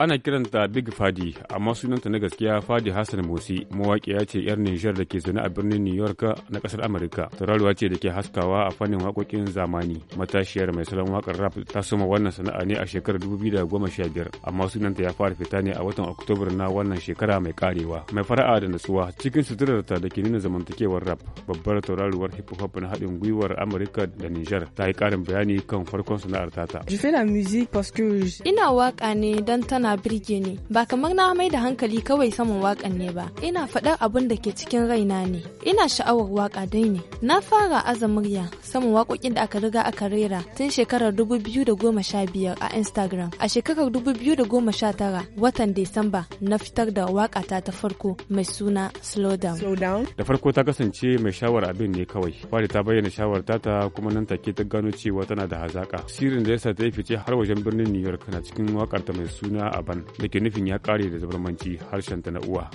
ana kiranta big fadi amma sunanta na gaskiya fadi hassan musi mawaƙiya ce yar nijar da ke zaune a birnin new york na ƙasar amurka tauraruwa ce da ke haskawa a fannin waƙoƙin zamani matashiyar mai salon waƙar rap ta soma wannan sana'a ne a shekarar biyar amma sunanta ya fara fita ne a watan oktobar na wannan shekara mai karewa mai fara'a da natsuwa cikin suturarta da ke nuna zamantakewar rap babbar tauraruwar hip hop na haɗin gwiwar amurka da nijar ta yi ƙarin bayani kan farkon sana'ar tata ina waƙa ne don tana na birge ni ba kamar na mai da hankali kawai saman wakan ne ba ina faɗar abin da ke cikin raina ne ina sha'awar waka dai ne na fara aza murya saman waƙoƙin da aka riga aka rera tun shekarar 2015 a Instagram a shekarar 2019 watan Disamba na fitar da wakata ta farko mai suna Slow Down da farko ta kasance mai shawar abin ne kawai fari ta bayyana shawar ta kuma nan take ta gano cewa tana da hazaka sirin da yasa ta yi fice har wajen birnin New York na cikin wakar ta mai suna Aban da ke nufin ya kare da zabarmanci harshen ta na uwa.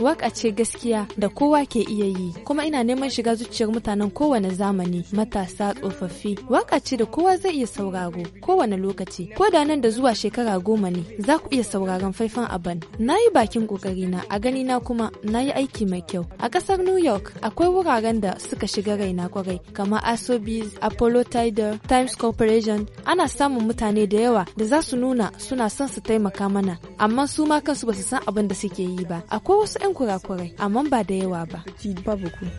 Waka ce gaskiya da kowa ke iya yi kuma ina neman shiga zuciyar mutanen kowane zamani matasa tsofaffi waka ce da kowa zai iya sauraro kowane lokaci ko da nan da zuwa shekara goma ne za ku iya sauraron faifan aban na yi bakin na a gani na kuma na yi aiki mai kyau a ƙasar new york akwai wuraren da suka shiga raina kwarai kamar asobis apollo tider times corporation ana samun mutane da yawa da za su nuna suna son su taimaka mana amma su ma kansu basu san abin da suke yi ba akwai wasu 'yan kurakurai amma ba da yawa ba.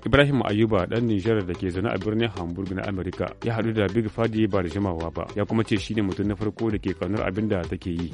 Ibrahim Ayuba dan Nijar da ke zana a birnin Hamburg na Amerika ya haɗu da Big Fadi ba da jimawa ba ya kuma ce shi ne mutum na farko da ke kaunar abin da take yi.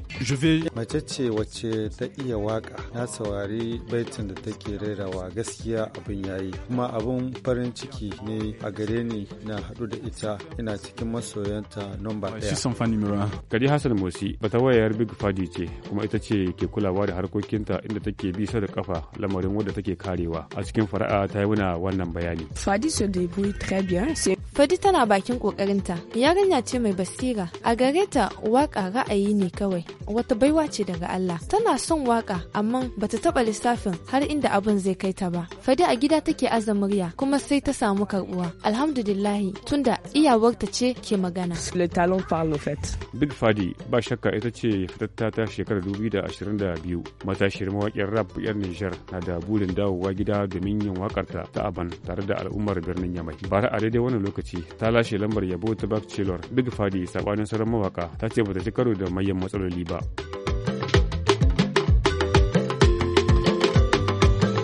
Mace ce wacce ta iya waka na saurari baitin da take rerawa gaskiya abin ya yi. kuma abin farin ciki ne a gare ni na haɗu da ita ina cikin masoyan ta nomba ɗaya. Shi fan fani mura. Kadi Hassan Mosi bata wayar Big Fadi ce kuma ita ce ke kulawa da harkokinta inda take bi sa da kafa lamarin wadda take karewa. A cikin fara'a ta yi muna wannan bayani. Fadi se débrouille très bien. Fadi tana bakin kokarinta, yarinya ce mai basira, a gare ta waka ra'ayi ne kawai, wata baiwa ce daga Allah. Tana son waka, amma bata taba lissafin har inda abin zai kai ta ba. Fadi a gida take aza murya, kuma sai ta samu karbuwa. Alhamdulillahi, tunda iyawarta ce ke magana. Le talon parle fait. Big Fadi ba shakka ita ce fitatta ta shekarar 2022. Matashiyar mawaƙin rap 'yar Nijar na da burin dawowa gida domin yin wakarta ta aban tare da al'ummar birnin Yamai. Bara a daidai wannan lokaci lokaci ta lashe lambar yabo ta bachelor big fadi sabanin sauran mawaka ta ce bata ci karo da mayan matsaloli ba